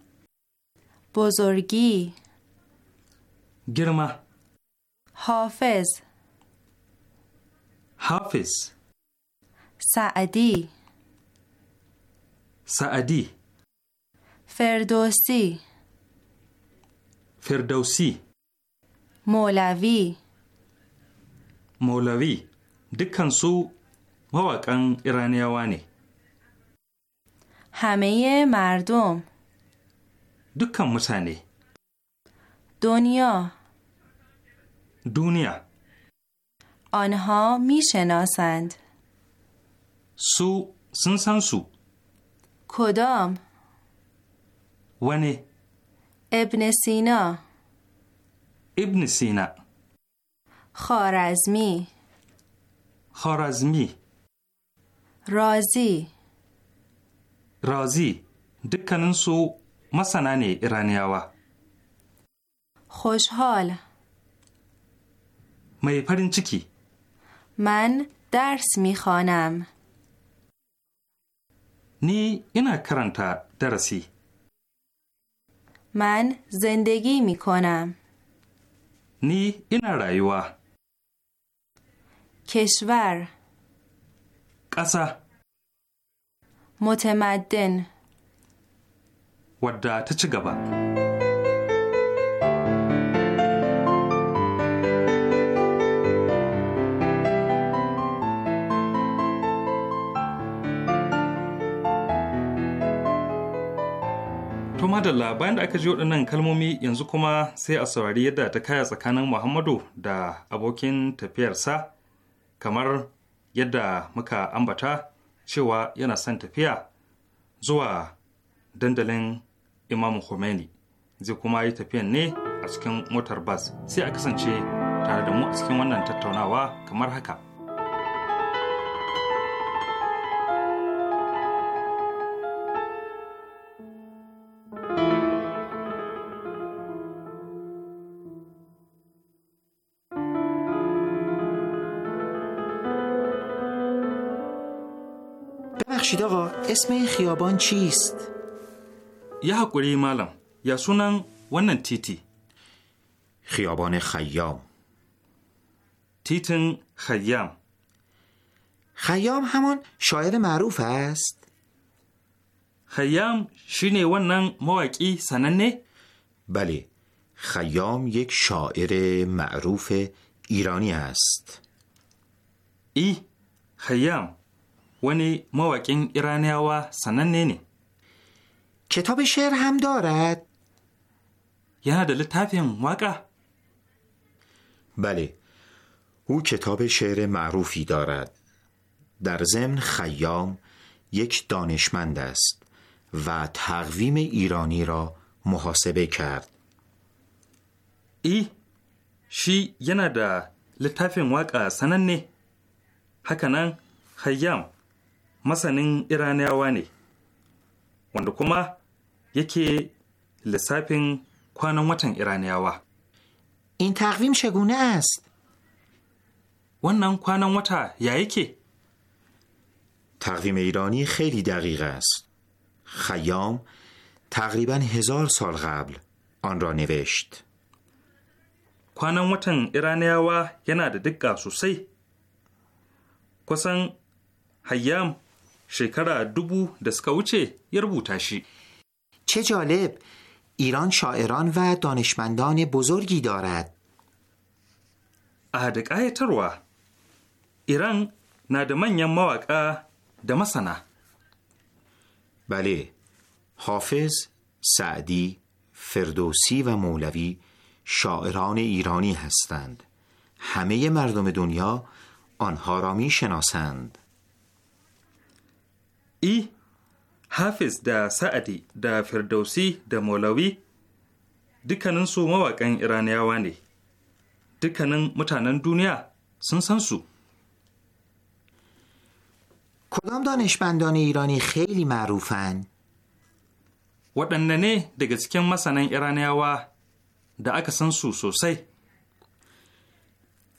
Bozorgi. Girma. Hau fes. Hau fes. Sa'adi. Sa'adi. Ferdosi. Ferdosi. Molavi. Molavi dukansu. mawaƙan iraniyawa همه مردم دکان متنی دنیا دنیا آنها میشناسند سو سنسان سو کدام ونه ابن سینا ابن سینا خارزمی خارزمی رازی رازی مسنانی ایرانی ایرانیاوا خوشحال می پرین چکی من درس میخوانم نی اینا کرانتا درسی من زندگی می کنم. نی اینا رایوا کشور ƙasa motemaden wadda ta ci gaba. To da bayan da aka ji waɗannan kalmomi yanzu kuma sai a saurari yadda ta kaya tsakanin Muhammadu da abokin tafiyarsa kamar yadda muka ambata cewa yana son tafiya zuwa dandalin Imam Khomeini zai kuma yi tafiyan ne a cikin motar bas sai a kasance tare da mu a cikin wannan tattaunawa kamar haka. اسم خیابان چیست؟ یه حقوری مالم یا سونن ونن تیتی خیابان خیام تیتن خیام خیام همان شاعر معروف است خیام شینه ونن موکی سننه بله خیام یک شاعر معروف ایرانی است ای خیام ونی ایرانی ایرانیاوا سننه نه کتاب شعر هم دارد یه لطفیم تفهم واقع بله او کتاب شعر معروفی دارد در زم خیام یک دانشمند است و تقویم ایرانی را محاسبه کرد ای شی یه نده littafin waƙa نه خیام. خیام. masanin iraniyawa ne wanda kuma yake lissafin kwanan watan iraniyawa این تقویم wannan kwanan wata ya yake? تقویم ایرانی خیلی دقیق است. خیام تقریبا هزار سال قبل آن kwanan watan iraniyawa yana da dukka sosai kusan hayyam دوبو دسکاوچه یه چه جالب ایران شاعران و دانشمندان بزرگی دارد اهدقای تروه ایران نادمان یا مواقع دمسنه بله حافظ سعدی فردوسی و مولوی شاعران ایرانی هستند همه مردم دنیا آنها را می شناسند ای e, hafiz da sa'adi da firdausi da molawi dukkaninsu mawaƙan iraniyawa ne dukkanin mutanen duniya sun san su کدام دانشمندان ایرانی خیلی marufan. waɗanne ne daga cikin masanan iraniyawa da aka san su sosai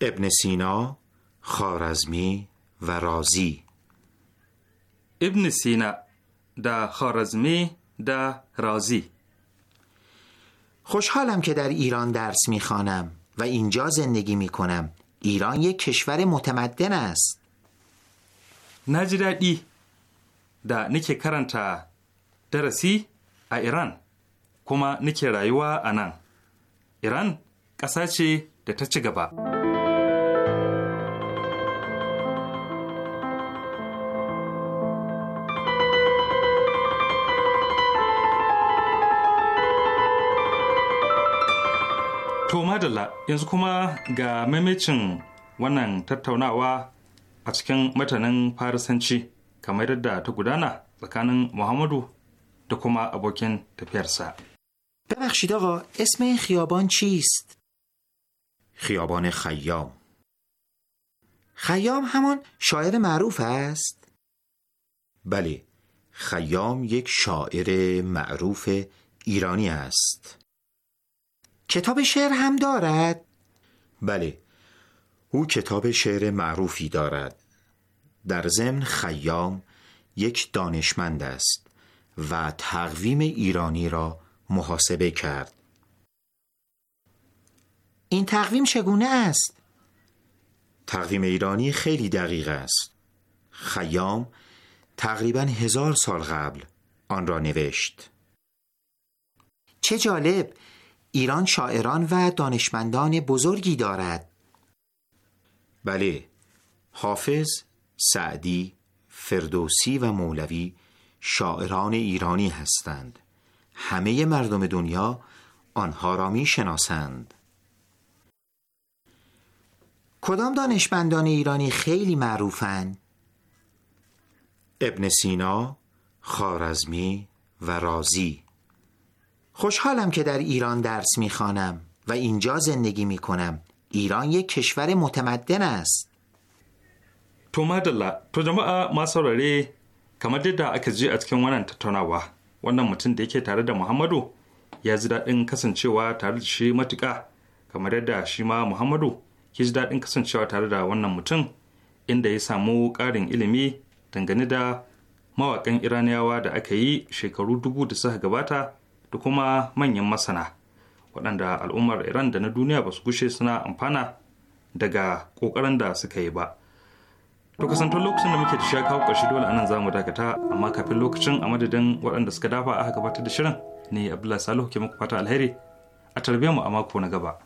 ابن سینا خارزمی و ابن سینا دا خارزمی دا رازی خوشحالم که در ایران درس میخوانم و اینجا زندگی میکنم ایران یک کشور متمدن است ای دا نکه کرنته درسی ایران کما نکه رایوا انان ایران قصه چه د ta adala yanzu kuma ga maimacin wannan tattaunawa a cikin matanin farisanci kamar yadda ta gudana tsakanin muhammadu da kuma abokin tafiyarsa. ببخشید آقا اسم این خیابان چیست؟ خیابان خیام خیام همان شاعر معروف است؟ بله خیام یک شاعر معروف ایرانی است کتاب شعر هم دارد؟ بله او کتاب شعر معروفی دارد در ضمن خیام یک دانشمند است و تقویم ایرانی را محاسبه کرد این تقویم چگونه است؟ تقویم ایرانی خیلی دقیق است خیام تقریبا هزار سال قبل آن را نوشت چه جالب ایران شاعران و دانشمندان بزرگی دارد بله حافظ، سعدی، فردوسی و مولوی شاعران ایرانی هستند همه مردم دنیا آنها را می شناسند کدام دانشمندان ایرانی خیلی معروفند؟ ابن سینا، خارزمی و رازی خوشحالم که در ایران درس میخوانم و اینجا زندگی میکنم ایران یک کشور متمدن است تو مدلا تو جماعه ما سوراره kamar yadda aka je a cikin wannan tattaunawa wannan mutum da yake tare da muhammadu ya ji daɗin kasancewa tare da shi matuƙa kamar yadda shi ma muhammadu ya ji daɗin kasancewa tare da wannan mutum inda ya samu ƙarin ilimi dangane da mawaƙan iraniyawa da aka yi shekaru dubu da suka gabata da kuma manyan masana waɗanda al'ummar iran da na duniya ba su gushe suna amfana daga ƙoƙarin da suka yi ba to kasantar lokacin da muke da shi kawo ƙarshe dole anan za mu dakata amma kafin lokacin a madadin waɗanda suka dafa aka gabatar da shirin ne abdullahi salihu ke muku fata alheri a tarbe mu a mako na gaba.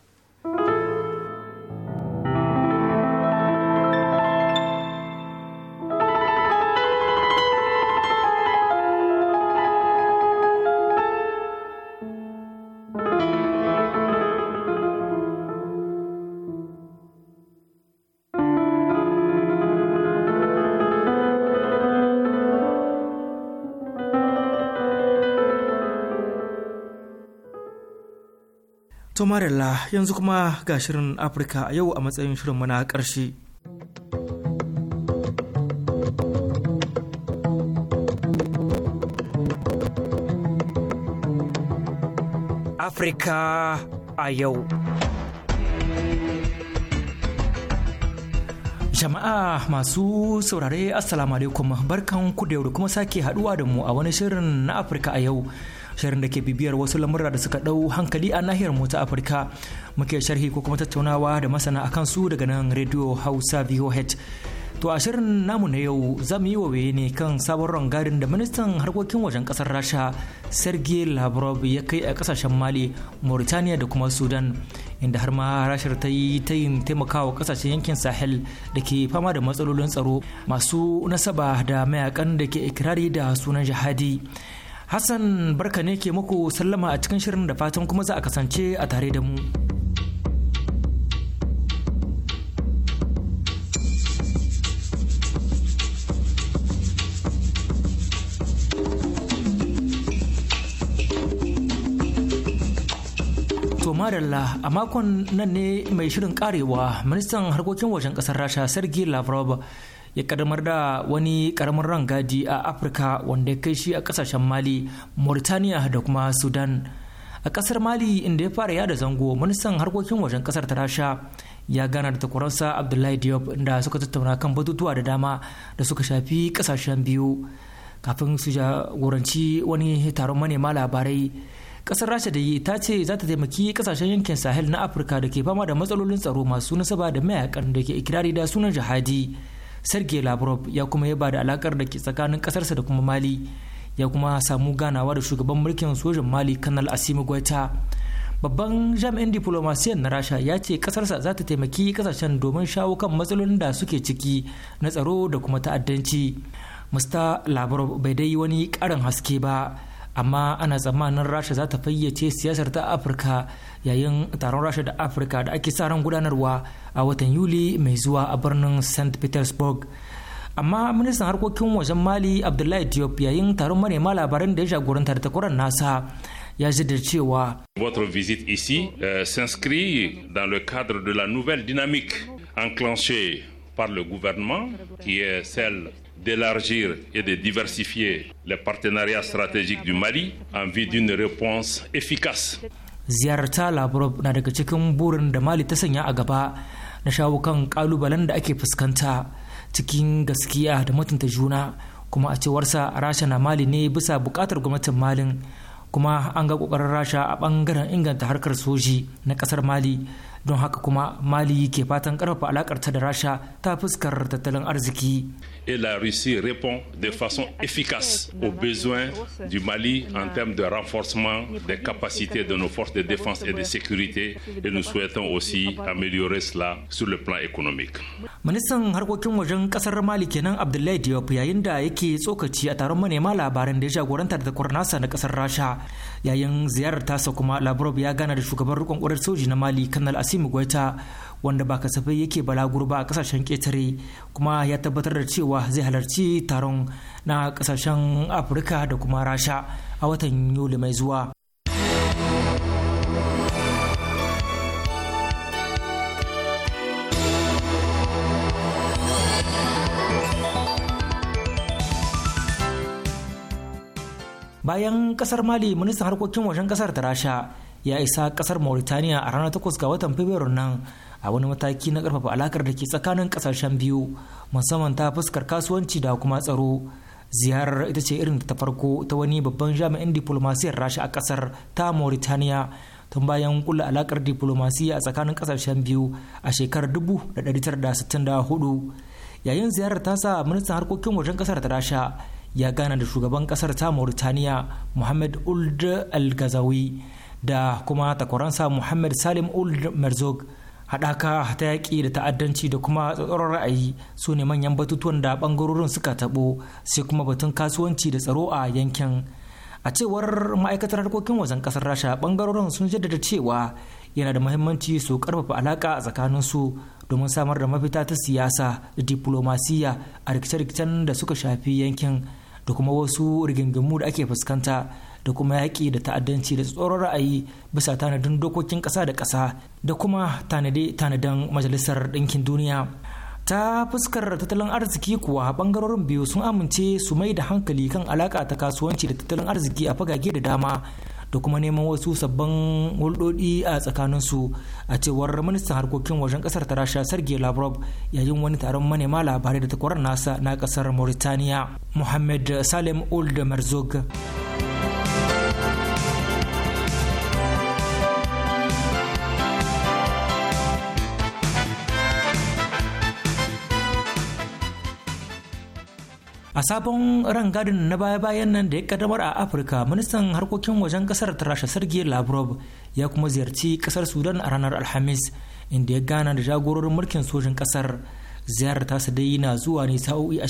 marilla yanzu kuma ga shirin Afirka a yau a matsayin shirin mana ƙarshe. Afirka a yau. Jama'a masu saurare Assalamu alaikum barkan ku da yau da kuma sake haɗuwa da mu a wani shirin na Afirka a yau. shirin da ke bibiyar wasu lamurra da suka ɗau hankali a nahiyar mu ta Afirka muke sharhi ko kuma tattaunawa da masana akan su daga nan Radio Hausa VOH. To a shirin namu na yau za mu yi waye ne kan sabon rangadin da ministan harkokin wajen kasar Rasha Sergei Lavrov ya kai a kasashen Mali, Mauritania da kuma Sudan inda har ma rashar ta yi tayin taimakawa kasashen yankin Sahel da ke fama da matsalolin tsaro masu nasaba da mayakan da ke ikirari da sunan jihadi. Hassan barka ne ke muku sallama a cikin shirin da fatan kuma za a kasance a tare da mu. madalla a makon nan ne mai shirin karewa ministan harkokin wajen kasar rasha sergei lavrov ya kadamar da wani karamin rangadi a afirka wanda ya kai shi a kasashen mali mauritania da kuma sudan a kasar mali inda ya fara yada zango ministan harkokin wajen kasar ta rasha ya gana da takwaransa abdullahi diop da suka tattauna kan batutuwa da dama da suka shafi kasashen biyu kafin su jagoranci wani taron manema labarai kasar rasha da yi ta ce za ta taimaki kasashen yankin sahel na afirka da ke fama da matsalolin tsaro masu nasaba da mayakan da ke ikirari da sunan jihadi sergei lavrov ya kuma ya da alakar da ke tsakanin kasarsa da kuma mali ya kuma samu ganawa da shugaban mulkin sojan mali kanal asimi gwaita babban jami'in diplomasiyan na rasha ya ce kasarsa za ta taimaki kasashen domin shawo kan matsalolin da suke ciki na tsaro da kuma ta'addanci mr lavrov bai dai wani karin haske ba amma ana tsammanin rasha za ta fayyace siyasar ta afirka yayin taron rasha da afirka da ake sa ran gudanarwa a watan yuli mai zuwa a birnin st petersburg amma ministan harkokin wajen mali abdullahi diop yayin taron manema labaran da ya jagoranta da takwarar nasa ya ji da cewa votre visit ici euh, s'inscrit dans le cadre de la nouvelle dynamique enclenchée par le gouvernement qui est celle d'élargir et de diversifier les partenariats stratégiques du Mali en vue d'une réponse efficace. Ziyarta Lavrov na daga cikin burin da Mali ta sanya a gaba na shawo kan kalubalen da ake fuskanta cikin gaskiya da mutunta juna kuma a cewarsa Rasha na Mali ne bisa bukatar gwamnatin mali kuma an ga kokarin Rasha a bangaren inganta harkar soji na kasar Mali. don haka kuma mali ke fatan karfafa alakarta da rasha ta fuskar tattalin arziki et la Russie répond de façon efficace aux besoins du Mali en termes de renforcement des capacités de nos forces de défense et de sécurité et nous souhaitons aussi améliorer cela sur le plan économique. Ministan harkokin wajen kasar Mali kenan Abdullahi Diop yayin da yake tsokaci a taron manema labaran da ya jagoranta da nasa na kasar Rasha yayin ziyarar tasa kuma labrob ya gana da shugaban rikon soji na Mali Kanal kasimu gwaita wanda ba kasafai yake balagur ba a kasashen ƙetare kuma ya tabbatar da cewa zai halarci taron na kasashen afirka da kuma rasha a watan yuli mai zuwa bayan kasar mali ministan harkokin wajen kasar ta rasha ya isa kasar mauritaniya a ranar takwas ga watan fabrairu nan a wani mataki na karfafa alakar da ke tsakanin kasashen biyu musamman ta fuskar kasuwanci da kuma tsaro ziyarar ita ce irin ta farko ta wani babban jami'in diplomasiyar rasha a kasar ta mauritaniya tun bayan kula alakar diplomasiya a tsakanin kasashen biyu a shekarar 1964 yayin ziyarar ta sa ministan harkokin wajen kasar ta rasha ya gana da shugaban kasar ta mauritaniya muhammad uld al-gazawi da kuma takwaransa muhammad salim ul marzog haɗaka ta yaƙi da ta'addanci da kuma tsatsarar ra'ayi su ne manyan batutuwan da ɓangarorin suka taɓo sai kuma batun kasuwanci da tsaro a yankin a cewar ma'aikatar harkokin wajen ƙasar rasha ɓangarorin sun jaddada cewa yana da muhimmanci su ƙarfafa alaƙa tsakanin su domin samar da mafita ta siyasa da diplomasiya a rikice-rikicen da suka shafi yankin da kuma wasu rigingimu da ake fuskanta da kuma yaƙi da ta'addanci da tsoron ra'ayi bisa tanadin dokokin ƙasa da ƙasa da kuma tanadan majalisar ɗinkin duniya ta fuskar tattalin arziki kuwa bangarorin biyu sun amince su mai da hankali kan alaƙa ta kasuwanci da tattalin arziki a fagage da dama da kuma neman wasu sabbin hulɗoɗi a tsakaninsu a cewar ministan harkokin wajen ƙasar ta rasha sergei lavrov yayin wani taron manema labarai da takwarar nasa na ƙasar mauritaniya mohammed salim old merzog a sabon rangadin na baya-bayan nan da ya kaddamar a afirka ministan harkokin wajen kasar rasha sergei lavrov ya kuma ziyarci kasar sudan a ranar alhamis inda ya gana da jagororin mulkin sojin kasar ziyarar su dai na zuwa ne sa'o'i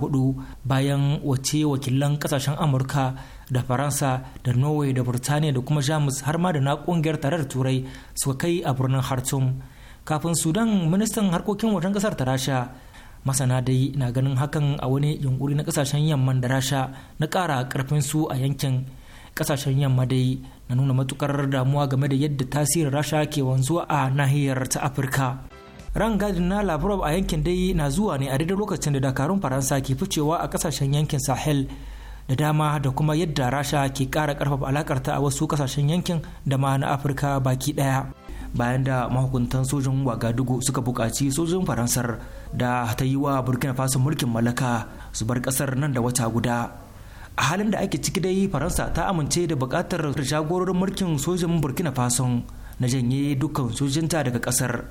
hudu bayan wace wakilan kasashen amurka da faransa da norway da burtaniya da kuma jamus har ma da na kungiyar tarar turai suka kai a birnin hartum kafin sudan ministan harkokin wajen kasar ta rasha masana dai na ganin hakan a wani yunkuri na kasashen yamma da rasha na kara karfin su a yankin kasashen yamma dai na nuna matukar damuwa game da yadda tasirin rasha ke wanzuwa a nahiyar ta afirka rangadin na lavrov a yankin dai na zuwa ne a daidai lokacin da dakarun faransa ke ficewa a kasashen yankin sahel da dama da kuma yadda rasha ke kara karfafa alakarta a wasu kasashen yankin da ma na afirka baki daya bayan da mahukuntan sojin wagadugu suka buƙaci sojin faransar da ta yi wa burkina faso mulkin mallaka su bar ƙasar nan da wata guda a halin da ake ciki dai faransa ta amince da buƙatar jagororin mulkin sojin burkina faso na janye dukkan sojinta daga ƙasar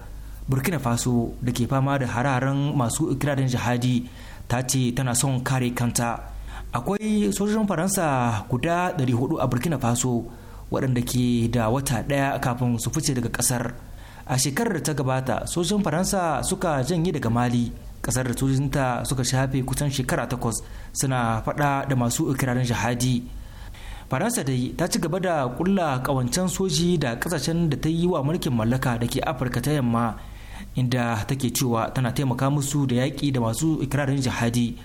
burkina faso da ke fama da hararen masu ikirarin jihadi ta ce tana son kare kanta akwai sojojin faransa guda 400 a burkina faso waɗanda ke da wata ɗaya kafin su fice daga ƙasar a shekarar da ta gabata sojin faransa suka janye daga mali ƙasar da sojinta suka shafe kusan shekara takwas suna faɗa da masu ikirarin jihadi faransa dai ta ci gaba da ƙulla ƙawancen soji da ƙasashen da ta yi wa mulkin mallaka da ke afirka ta yamma inda take cewa tana taimaka musu da yaƙi da masu ikirarin jihadi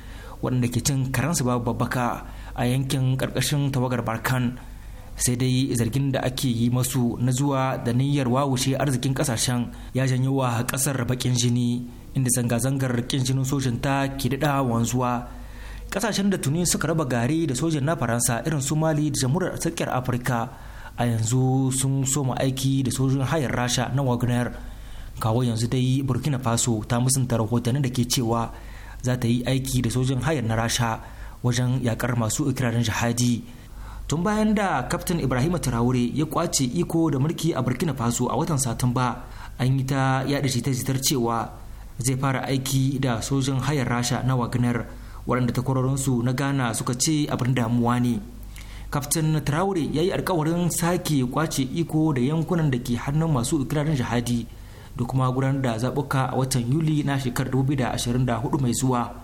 waɗanda ke cin karansu babu babbaka a yankin ƙarƙashin tawagar barkan sai dai zargin da ake yi masu na zuwa da niyyar wawushe arzikin kasashen ya janyo wa kasar bakin jini inda zanga-zangar kin jinin sojin ta ke daɗa wanzuwa kasashen da tuni suka raba gari da sojin na faransa irin su mali da jamhuriyar tsakiyar afirka a yanzu sun soma aiki da sojin hayar rasha na wagner kawo yanzu dai burkina faso ta musanta rahotanni da ke cewa za ta yi aiki da sojin hayar na rasha wajen yakar masu ikirarin jihadi tun bayan da kaftin ibrahima traore ya kwace iko da mulki a burkina faso a watan satumba an yi ta shi ta zitar cewa zai fara aiki da sojin hayar rasha na wagner waɗanda takwarorinsu na ghana suka ce abin damuwa ne kaftin traore ya yi alkawarin sake kwace iko da yankunan da ke hannun masu ikirarin jihadi da kuma gudanar da zaɓuka a watan yuli na shekarar 2024 mai zuwa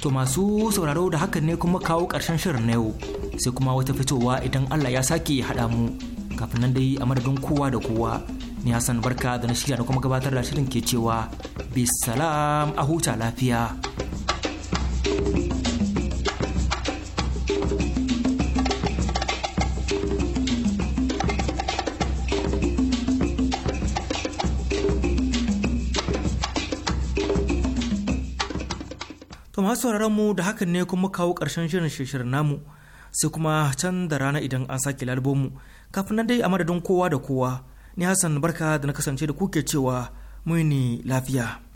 To masu sauraro da hakan ne kuma kawo ƙarshen shirin na yau sai kuma wata fitowa idan Allah ya sake haɗa mu kafin nan dai a madadin kowa da kowa ni Hassan barka da na shirya da kuma gabatar da shirin ke cewa bisalam a huta lafiya. sauraron mu da hakan ne kuma kawo ƙarshen shirin shirin namu sai kuma can da rana idan an sake mu kafin nan dai a madadin kowa da kowa ni hassan barka da na kasance da kuke cewa muni lafiya.